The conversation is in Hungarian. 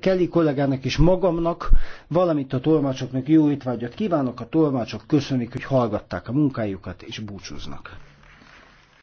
Kelly kollégának és magamnak, valamint a tolmácsoknak jó étvágyat kívánok. A tolmácsok köszönik, hogy hallgatták a munkájukat és búcsúznak.